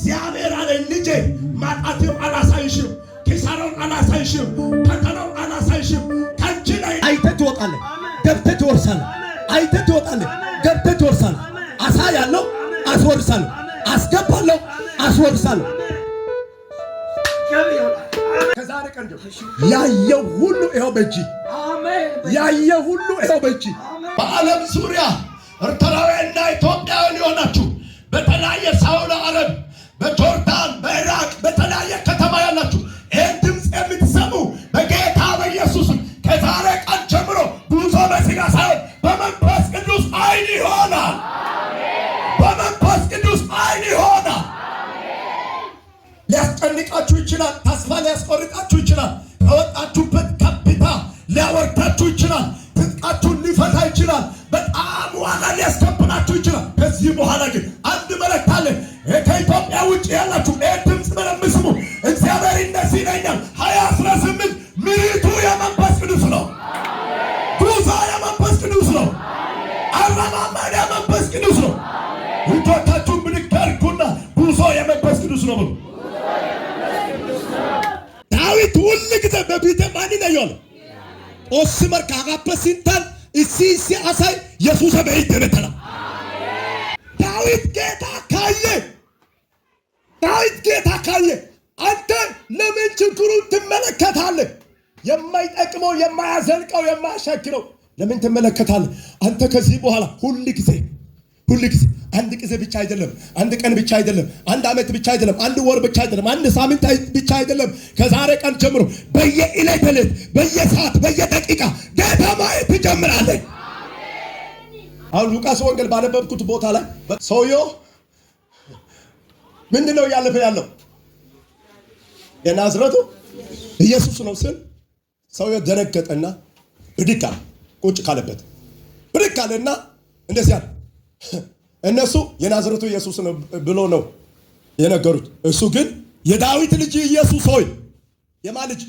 እግዚአብሔር አለ ልጄ ማጣቴው አላሳይሽም፣ ኪሳራውን አላሳይሽም፣ ፈተናውን አላሳይሽም። ከንቺ ላይ አይተህ ትወጣለህ፣ ገብተህ ትወርሳለህ። አይተህ ትወጣለህ፣ ገብተህ ትወርሳለህ። አሳ አስወርሳለሁ፣ አስገባለሁ፣ አስወርሳለሁ። ከዛሬ ቀን ያየው ሁሉ ይኸው በእጅ ያየው ሁሉ ይኸው በእጅ በዓለም ዙሪያ ኤርትራውያንና ኢትዮጵያውያን የሆናችሁ በተለያየ ሳውለ ዓለም በጆርዳን ደስ ይለኛል። ሀያ አስራ ስምንት ምሪቱ የመንፈስ ቅዱስ ነው። ዱሳ የመንፈስ ቅዱስ ነው። አረማመድ የመንፈስ ቅዱስ ነው። እጆቻችሁን ብድግ አድርጉና ጉዞ የመንፈስ ቅዱስ ነው ብሎ ዳዊት ሁል ጊዜ በፊት ማን ይለየዋል ኦስ መርካካበ ሲንታን እሲ እሲ አሳይ የሱሰ በይት የበተና ዳዊት ጌታ ካየ ዳዊት ጌታ ካየ ችግሩን ትመለከታለህ። የማይጠቅመው የማያዘልቀው የማያሻግረው ለምን ትመለከታለህ? አንተ ከዚህ በኋላ ሁል ጊዜ ሁል ጊዜ አንድ ጊዜ ብቻ አይደለም፣ አንድ ቀን ብቻ አይደለም፣ አንድ ዓመት ብቻ አይደለም፣ አንድ ወር ብቻ አይደለም፣ አንድ ሳምንት ብቻ አይደለም። ከዛሬ ቀን ጀምሮ በየዕለት በየሰዓት፣ በየደቂቃ ጌታ ማየት ትጀምራለህ። አሁን ሉቃስ ወንጌል ባነበብኩት ቦታ ላይ ሰውየው ምንድን ነው እያለፈ ያለው? የናዝረቱ ኢየሱስ ነው ስል ሰውየው ደነገጠና ብድግ አለ። ቁጭ ካለበት ብድግ አለና እንደዚህ አለ። እነሱ የናዝረቱ ኢየሱስ ነው ብሎ ነው የነገሩት። እሱ ግን የዳዊት ልጅ ኢየሱስ ሆይ የማ ልጅ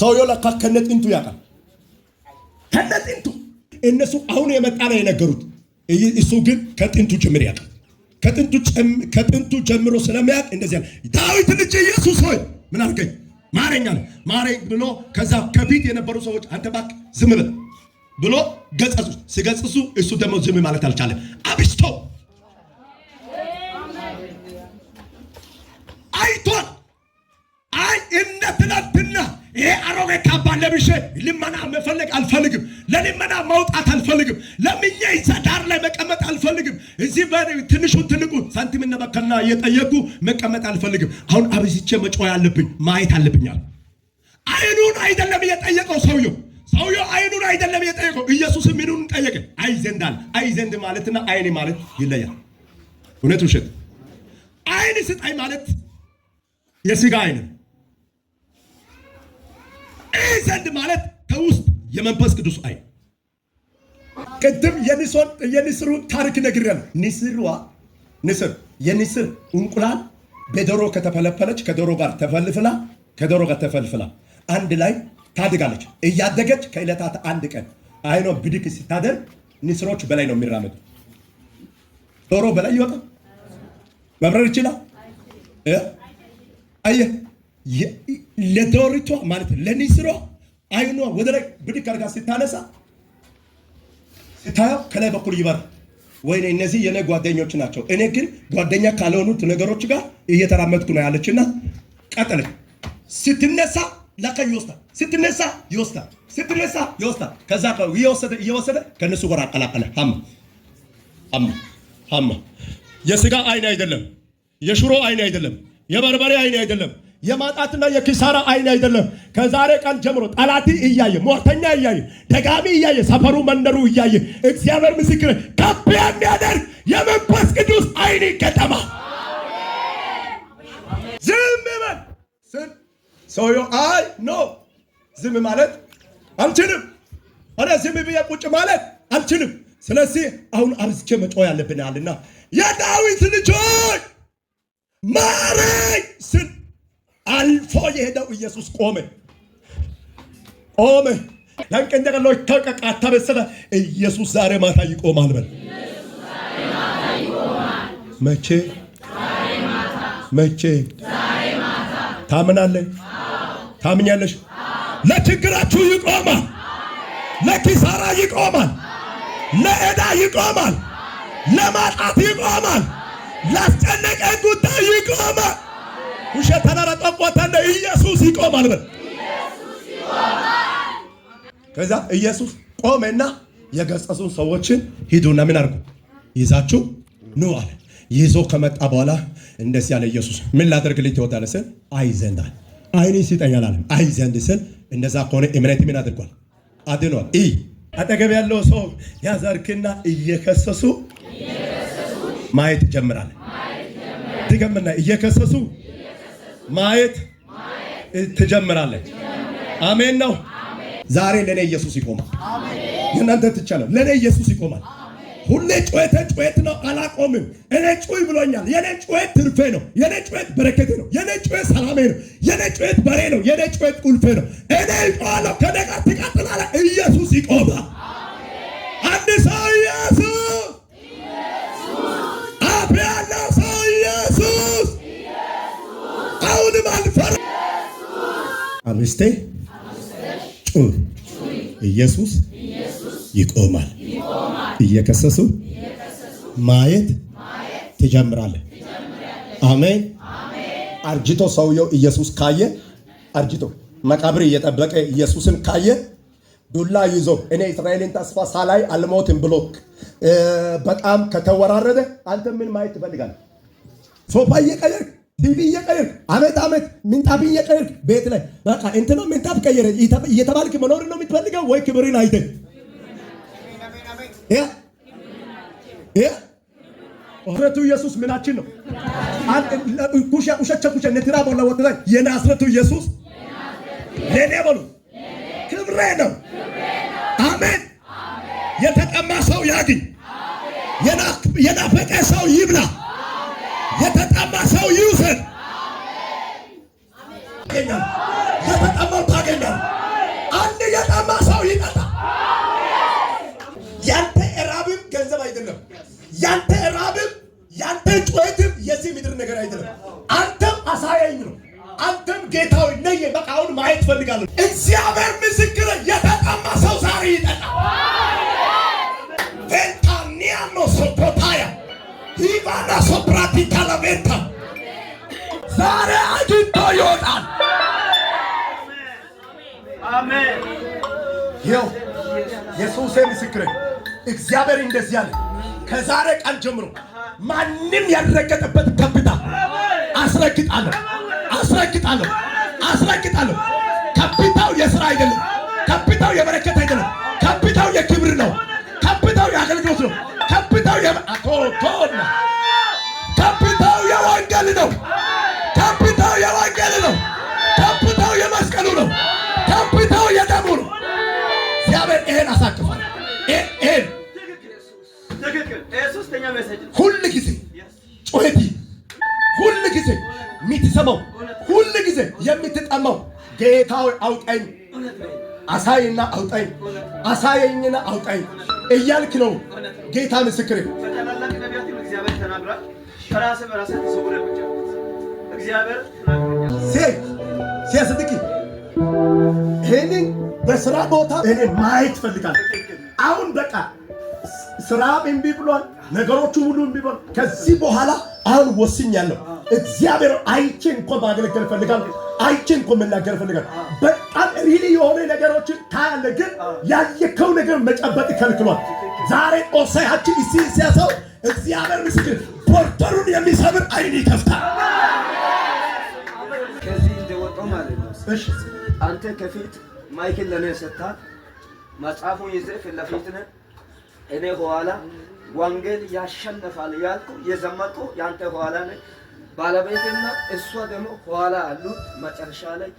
ሰውየው ለካ ከነጥንቱ ያውቃል። ከነጥንቱ እነሱ አሁን የመጣ ነው የነገሩት። እሱ ግን ከጥንቱ ጭምር ያውቃል። ከጥንቱ ጀምሮ ስለሚያውቅ እንደዚህ ያለ ዳዊት ልጅ ኢየሱስ ሆይ ምን አድርገኝ ማረኛ ማረኝ ብሎ ከዛ ከፊት የነበሩ ሰዎች አንተ ባክ ዝም በል ብሎ ገጸሱ። ሲገጽሱ እሱ ደግሞ ዝም ማለት አልቻለም። አብስቶ አይቷል። አይ እነ አሮጌ ካባን ለብሼ ልመና መፈለግ አልፈልግም። ለልመና መውጣት አልፈልግም። ለምኜ ዳር ላይ መቀመጥ አልፈልግም። እዚህ ትንሹ ትልቁ እና በከና እየጠየቁ መቀመጥ አልፈልግም። አሁን አብዝቼ መጮ ያለብኝ ማየት አለብኛል። አይኑን አይደለም እየጠየቀው ሰውየው ሰውየው አይኑን አይደለም እየጠየቀው ኢየሱስ ምኑን ጠየቀ? አይ ዘንድ አይ ዘንድ ማለትና አይኔ ማለት ይለያል። እውነት ውሸት? አይን ስጣይ ማለት የስጋ አይን ይህ ዘንድ ማለት ከውስጥ የመንፈስ ቅዱስ አይ ቅድም የንስሩ ታሪክ ነግሬያለሁ። ንስሯ ንስር የንስር እንቁላል በዶሮ ከተፈለፈለች ከዶሮ ጋር ተፈልፍላ ከዶሮ ጋር ተፈልፍላ አንድ ላይ ታድጋለች። እያደገች ከዕለታት አንድ ቀን አይኖ ብድግ ስታደርግ ንስሮች በላይ ነው የሚራመዱ። ዶሮ በላይ ይወጣ መብረር ይችላል። አየህ ለዶሪቶ ማለት ለኒስሮ አይኗ ወደ ላይ ብድግ አድርጋ ስታነሳ ስታየው ከላይ በኩል ይበራል። ወይኔ እነዚህ የኔ ጓደኞች ናቸው፣ እኔ ግን ጓደኛ ካልሆኑት ነገሮች ጋር እየተራመድኩ ነው ያለችና ቀጠለ። ስትነሳ ለካ ይወስዳል፣ ስትነሳ ይወስዳል፣ ስትነሳ ይወስዳል። ከዛ እየወሰደ እየወሰደ ከነሱ ጋር አቀላቀለ። ሀማ ሀማ ሀማ የስጋ አይን አይደለም፣ የሽሮ አይን አይደለም፣ የበርበሬ አይን አይደለም የማጣትና የኪሳራ አይን አይደለም። ከዛሬ ቀን ጀምሮ ጠላት እያየ ሞርተኛ እያየ ደጋሚ እያየ ሰፈሩ መንደሩ እያየ እግዚአብሔር ምስክር ከፍ የሚያደርግ የመንፈስ ቅዱስ አይን ይገጠማ። ዝም በል ስል ሰውዬው አይ ኖ ዝም ማለት አልችልም። እኔ ዝም ብዬ ቁጭ ማለት አልችልም። ስለዚህ አሁን አብዝቼ መጮህ ያለብናልና የዳዊት ልጆች ማረኝ ስል አልፎ የሄደው ኢየሱስ ቆመ ቆመ። ለንቀንደቀሎች ተቀቃ ተበሰለ። ኢየሱስ ዛሬ ማታ ይቆማል። በል መቼ መቼ? ታምናለህ? ታምኛለሽ? ለችግራችሁ ይቆማል። ለኪሳራ ይቆማል። ለዕዳ ይቆማል። ለማጣት ይቆማል። ላስጨነቀ ጉዳይ ይቆማል። ውሸት ተናረቀ ቆታ እንደ ኢየሱስ ይቆማል በል። ከዛ ኢየሱስ ቆመና የገሰጹን ሰዎችን ሂዱና ምን አድርጉ ይዛችሁ ኑ አለ። ይዞ ከመጣ በኋላ እንደዚህ ያለ ኢየሱስ ምን ላደርግልኝ ትወዳለህ ስል አይዘንዳል አይኔ ሲጠኛል አለ። አይዘንድ ስል እንደዛ ከሆነ እምነት ምን አድርጓል አድኗል። ይ አጠገብ ያለው ሰው ያዘርክና እየከሰሱ ማየት ጀምራል። ትገምና እየከሰሱ ማየት ትጀምራለች። አሜን ነው። ዛሬ ለእኔ ኢየሱስ ይቆማል። የእናንተ ትቻለሁ። ለእኔ ኢየሱስ ይቆማል። ሁሌ ጩኸቴ ጩኸት ነው፣ አላቆምም። እኔ ጩኸት ብሎኛል። የኔ ጩኸት ትርፌ ነው። የኔ ጩኸት በረከቴ ነው። የኔ ጩኸት ሰላሜ ነው። የኔ ጩኸት በሬ ነው። የኔ ጩኸት ቁልፌ ነው። እኔ ይጮሃለሁ፣ ከእኔ ጋር ትቀጥላለህ። ኢየሱስ ይቆማል። አንድ ሰው ኢየሱስ አልፈራ አምስቴ ጩህ ኢየሱስ ይቆማል። እየከሰሱ ማየት ትጀምራለህ። አሜን። አርጅቶ ሰውየው ኢየሱስ ካየ አርጅቶ መቃብር እየጠበቀ ኢየሱስን ካየ ዱላ ይዞ እኔ እስራኤልን ተስፋ ሳላይ አልሞትም ብሎ በጣም ከተወራረደ አንተ ምን ማየት ትፈልጋለህ? ሶፋ እየቀየርክ ቲቪ እየቀየርክ አመት አመት ምንጣፍ እየቀየርክ ቤት ላይ በቃ እንትና ምንጣፍ ቀየረ እየተባልክ መኖር ነው የምትፈልገው ወይ ክብርን አይተህ ናዝሬቱ ኢየሱስ ምናችን ነው? ሸቸ ነትራ ቦላ ወ የናዝሬቱ ኢየሱስ ለእኔ በሉ ክብሬ ነው። አሜን። የተጠማ ሰው ያግኝ፣ የናፈቀ ሰው ይብላ። የተጠማ ሰው ይውሰድ። የተጠማው ታገኛል። አንድ የጠማ ሰው ይጠጣ። ያንተ እራብም ገንዘብ አይደለም። ያንተ እራብም ያንተ ጩኸትም የዚህ ምድር ነገር አይደለም። አንተም አሳያኝ ነው። አንተም ጌታዊ ነኝ። በቃ አሁን ማየት ፈልጋለሁ። እግዚአብሔር ምስክር፣ የተጠማ ሰው ዛሬ ይጠጣ። ቬንታኒያኖ ሶኮታያ ኢቫና ሶፕራቲ ካለቤታ ዛሬ አግኝቶ ይወጣል። ይኸው የሱሴ ምስክር እግዚአብሔር እንደዚህ አለ። ከዛሬ ቀን ጀምሮ ማንም ያልረገጠበት ከፍታ አስረግጣለሁ፣ አስረግጣለሁ፣ አስረግጣለሁ። ከፍታው የስራ አይደለም። ከፍታው የበረከት አይደለም። ከፍታው የክብር ነው። ከፍታው የአገልግሎት ነው። ከፍታው አቶ ቶና ከፍታው የወንጌል ነው። ከፍታው የወንጌል ነው። ከፍታው የመስቀሉ ነው። ከፍታው የደሙ ነው። እግዚአብሔር ይሄን አሳቅፋል። ይሄን ሁል ጊዜ ጩኸቲ ሁል ጊዜ የምትሰማው ሁል ጊዜ የምትጠማው ጌታ አውጣኝ አሳይና አውጣኝ አሳየኝና አውጣኝ እያልክ ነው። ጌታ ምስክር ሴት ሲያስጥቂ ይህንን በስራ ቦታ እኔ ማየት ይፈልጋል። አሁን በቃ ስራ እምቢ ብሏል። ነገሮቹ ሁሉ እምቢ ብሏል። ከዚህ በኋላ አሁን ወስኛለሁ። እግዚአብሔር አይቼ እንኳ ማገለገል ፈልጋል። አይቼ እንኳ መናገር ፈልጋል። በጣም ሪሊ የሆነ ነገሮችን ታያለ፣ ግን ያየከው ነገር መጨበጥ ይከልክሏል። ዛሬ ኦሳያችን እሲ ሲያሰው እግዚአብሔር ምስክር ፖርተሩን የሚሰብር አይን ይከፍታል። ከዚህ እንደወጣው ማለት ነው። እሺ አንተ ከፊት ማይክን ለኔ ሰጣት፣ መጽሐፉን ይዘህ ፊት ለፊት ነህ፣ እኔ በኋላ ወንጌል ያሸንፋል ያልኩ የዘመንኩ ያንተ ኋላ ነኝ። ባለቤትና እሷ ደግሞ ኋላ አሉ። መጨረሻ ላይ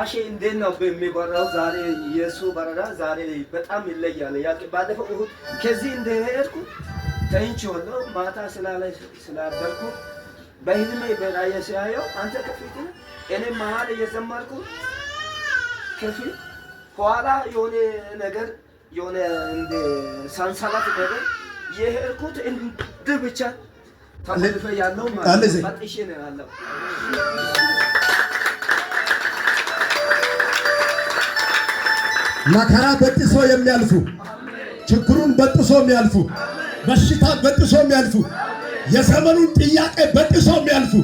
አሼ እንዴት ነው የሚበራው? ዛሬ የእሱ በረራ ዛሬ በጣም ይለያል። ያልኩ ባለፈው እሁድ ከዚህ እንደሄድኩ ተኝቼዋለሁ። ማታ ስላደርኩ በህልሜ በራእዬ ሲያየው አንተ ከፊት እኔ መሀል እየዘመርኩ ከፊት ኋላ የሆነ ነገር የሆነ እንደ ሰንሰለት ነገር የሄድኩት እንድህ ብቻ ተመልፈ ያለው ማለት መጥሼ ነው ያለው። መከራ በጥሶ የሚያልፉ ችግሩን በጥሶ የሚያልፉ በሽታ በጥሶ የሚያልፉ የዘመኑን ጥያቄ በጥሶ የሚያልፉ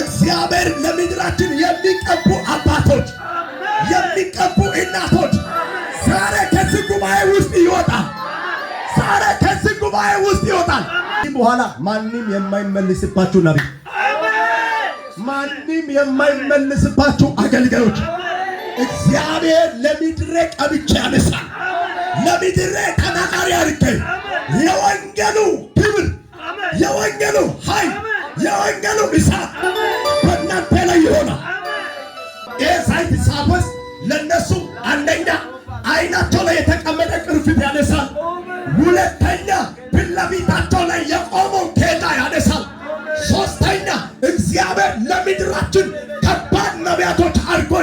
እግዚአብሔር ለምድራችን የሚቀቡ አባቶች የሚቀቡ እናቶች ዛሬ በኋላ ማንም የማይመልስባችሁ ነቢይ፣ ማንም የማይመልስባችሁ አገልጋዮች እግዚአብሔር ለምድሬ ቀብቼ ያነሳል። ለምድሬ ተናጋሪ አድርገኝ። የወንጌሉ ክብር፣ የወንጌሉ ኃይል፣ የወንጌሉ እሳት በእናንተ ላይ ይሆናል። ይህ ሳይት ሳፈስ ለእነሱ አንደኛ አይናቸው ላይ የተቀመጠ ቅርፊት ያነሳል። ሁለት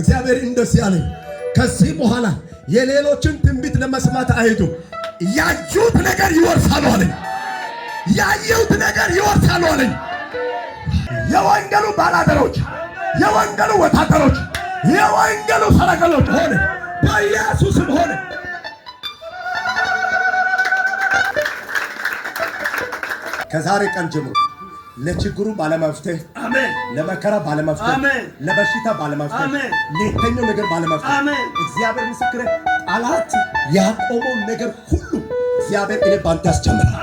እግዚአብሔር እንደስ አለኝ፣ ከዚህ በኋላ የሌሎችን ትንቢት ለመስማት አይቱ ያዩት ነገር ይወርሳሉ አለኝ። ያየሁት ነገር ይወርሳሉ አለኝ። የወንጌሉ ባላደሮች፣ የወንጌሉ ወታደሮች፣ የወንጌሉ ሰረገሎች ሆነ በኢየሱስም ሆነ ከዛሬ ቀን ጀምሮ ለችግሩ ባለመፍትሄ፣ ለመከራ ባለመፍትሄ፣ ለበሽታ ባለመፍትሄ፣ ለየተኛው ነገር ባለመፍትሄ እግዚአብሔር ምስክር ጠላት ያቆመው ነገር ሁሉ እግዚአብሔር እኔ ባንተ ያስጀምራል፣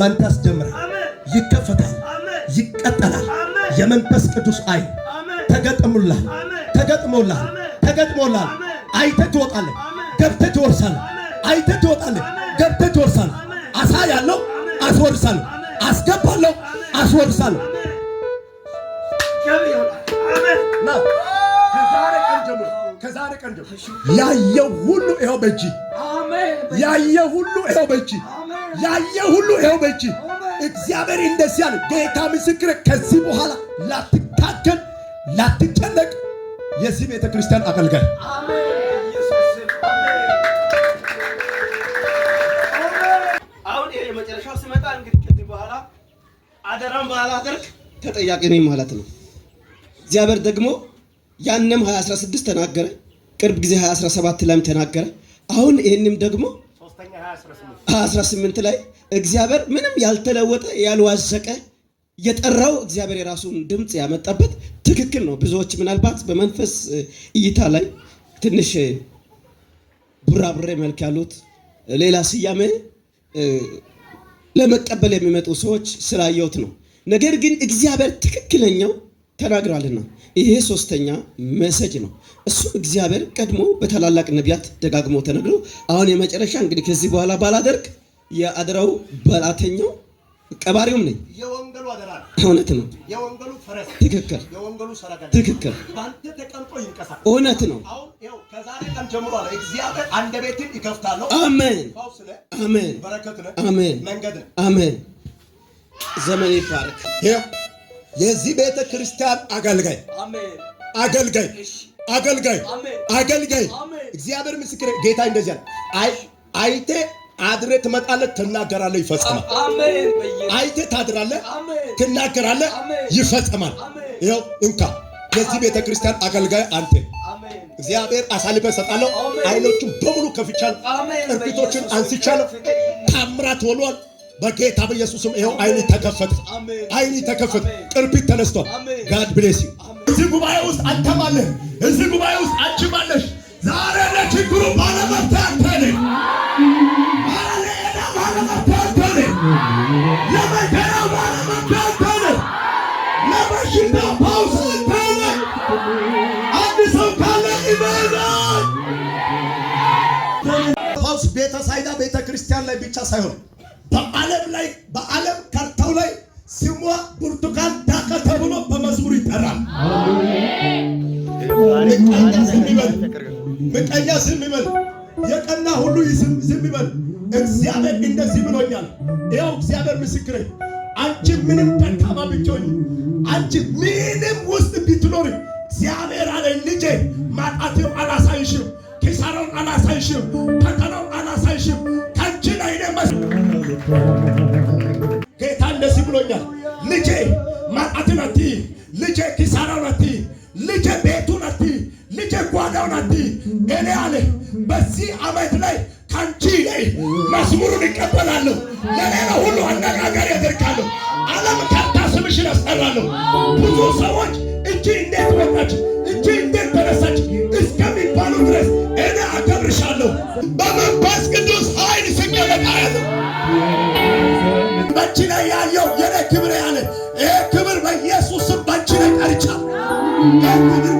ባንተ ያስጀምራል። ይከፈታል፣ ይቀጠላል። የመንፈስ ቅዱስ አይ ተገጥሞላል፣ ተገጥሞላል፣ ተገጥሞላል። አይተ ትወጣለህ፣ ገብተ ትወርሳለህ። አይተ ትወጣለህ፣ ገብተ ትወርሳለህ። አሳ ያለው አስወርሳለሁ፣ አስገባለሁ አስወቅሳለሁ። ከዛሬ ቀን ጀምሮ ያየው ሁሉ ይኸው በእጅ ያየው ሁሉ ይኸው በእጅ ያየው ሁሉ ይኸው በእጅ እግዚአብሔር እንደዚህ ያለ ጌታ ምስክር። ከዚህ በኋላ ላትታገል ላትጨነቅ የዚህ ቤተ ክርስቲያን አገልጋይ አሁን የመጨረሻው ስመጣ እንግዲህ ከዚህ በኋላ አደራም ባላደርግ ተጠያቂ ነኝ ማለት ነው። እግዚአብሔር ደግሞ ያንም 2016 ተናገረ፣ ቅርብ ጊዜ 2017 ላይም ተናገረ። አሁን ይህንም ደግሞ 2018 ላይ እግዚአብሔር ምንም ያልተለወጠ ያልዋዘቀ የጠራው እግዚአብሔር የራሱን ድምፅ ያመጣበት ትክክል ነው። ብዙዎች ምናልባት በመንፈስ እይታ ላይ ትንሽ ቡራቡሬ መልክ ያሉት ሌላ ስያሜ ለመቀበል የሚመጡ ሰዎች ስላየሁት ነው። ነገር ግን እግዚአብሔር ትክክለኛው ተናግራልና ይሄ ሶስተኛ መሰጅ ነው። እሱ እግዚአብሔር ቀድሞ በታላላቅ ነቢያት ደጋግሞ ተነግሮ አሁን የመጨረሻ እንግዲህ ከዚህ በኋላ ባላደርግ የአደራው በላተኛው ቀባሪውም ነኝ። የወንገሉ አደራ እውነት ነው። የወንገሉ ፈረስ ትክክል። የወንገሉ ሰረገላ ትክክል። ባንተ ተቀምጦ ይንቀሳቀስ እውነት ነው። አሁን ይኸው ከዛሬ ቀን ጀምሮ አለ እግዚአብሔር ቤትን ይከፍታል ነው። አሜን፣ አሜን፣ በረከት ነው። አሜን፣ መንገድ ነው። አሜን። ዘመን ይባረክ። ይኸው የዚህ ቤተ ክርስቲያን አገልጋይ አሜን፣ አገልጋይ አገልጋይ አገልጋይ እግዚአብሔር ምስክር ጌታ እንደዚህ አለ አይቴ አድሬ ትመጣለህ፣ ትናገራለህ፣ ይፈጸማል። አይቴ ታድራለህ፣ ትናገራለህ፣ ይፈጸማል። ይኸው እንካ የዚህ ቤተ ክርስቲያን አገልጋይ አንተ እግዚአብሔር አሳልፈ ሰጣለሁ። አይኖቹን በሙሉ ከፍቻለሁ፣ እርግቶችን አንስቻለሁ። ታምራት ወሏል። በጌታ በኢየሱስም ይኸው አይን ተከፈተ፣ አይን ተከፈተ፣ ቅርቢት ተነስቷል። ጋድ ብሌስ ዩ። እዚህ ጉባኤ ውስጥ አንተም እዚህ ጉባኤ ውስጥ አንቺም ዛሬ ለችግሩ ባለመፍትሄ አንተ ነህ። ለመከራው ባለመዳን ካለ ቤተ ክርስቲያን ላይ ብቻ ሳይሆን በዓለም ላይ በዓለም ካርታው ላይ ስሟ ብርቱካን ዳቀ ተብሎ በመዝሙር ይጠራል። ምቀኛ ዝም ይበል፣ የቀና ሁሉ ዝም ይበል። እግዚአብሔር እንደዚህ ብሎኛል። ይኸው እግዚአብሔር ምስክር፣ አንቺ ምንም ደካማ ብትሆኚ፣ አንቺ ምንም ውስጥ ብትኖሪ፣ እግዚአብሔር አለ ልጄ፣ ማጣትም አላሳይሽም፣ ኪሳራውን አላሳይሽም፣ ፈተናውን አላሳይሽም። ከንቺ ላይ መስ ጌታ እንደዚህ ብሎኛል ልጄ፣ ማጣትን አትይ፣ ልጄ ኪሳራውን አትይ፣ ልጄ ቤቱን አትይ፣ ልጄ ጓዳውን አትይ። እኔ አለ በዚህ አመት ላይ ከአንቺ ላይ መዝሙሩን ይቀበላለሁ። ለሌላ ሁሉ አነጋገር ያደርጋለሁ። ዓለም ከታስብሽን ያስጠላለሁ። ብዙ ሰዎች እጅ እንዴት ወጣች፣ እጅ እንዴት ተነሳች እስከሚባሉ ድረስ እኔ አከብርሻለሁ። በመንፈስ ቅዱስ ኃይል ስሜ በቃያለሁ። በአንቺ ላይ ያለው የኔ ክብር ያለ ይህ ክብር በኢየሱስ ስም ላይ ቀርቻ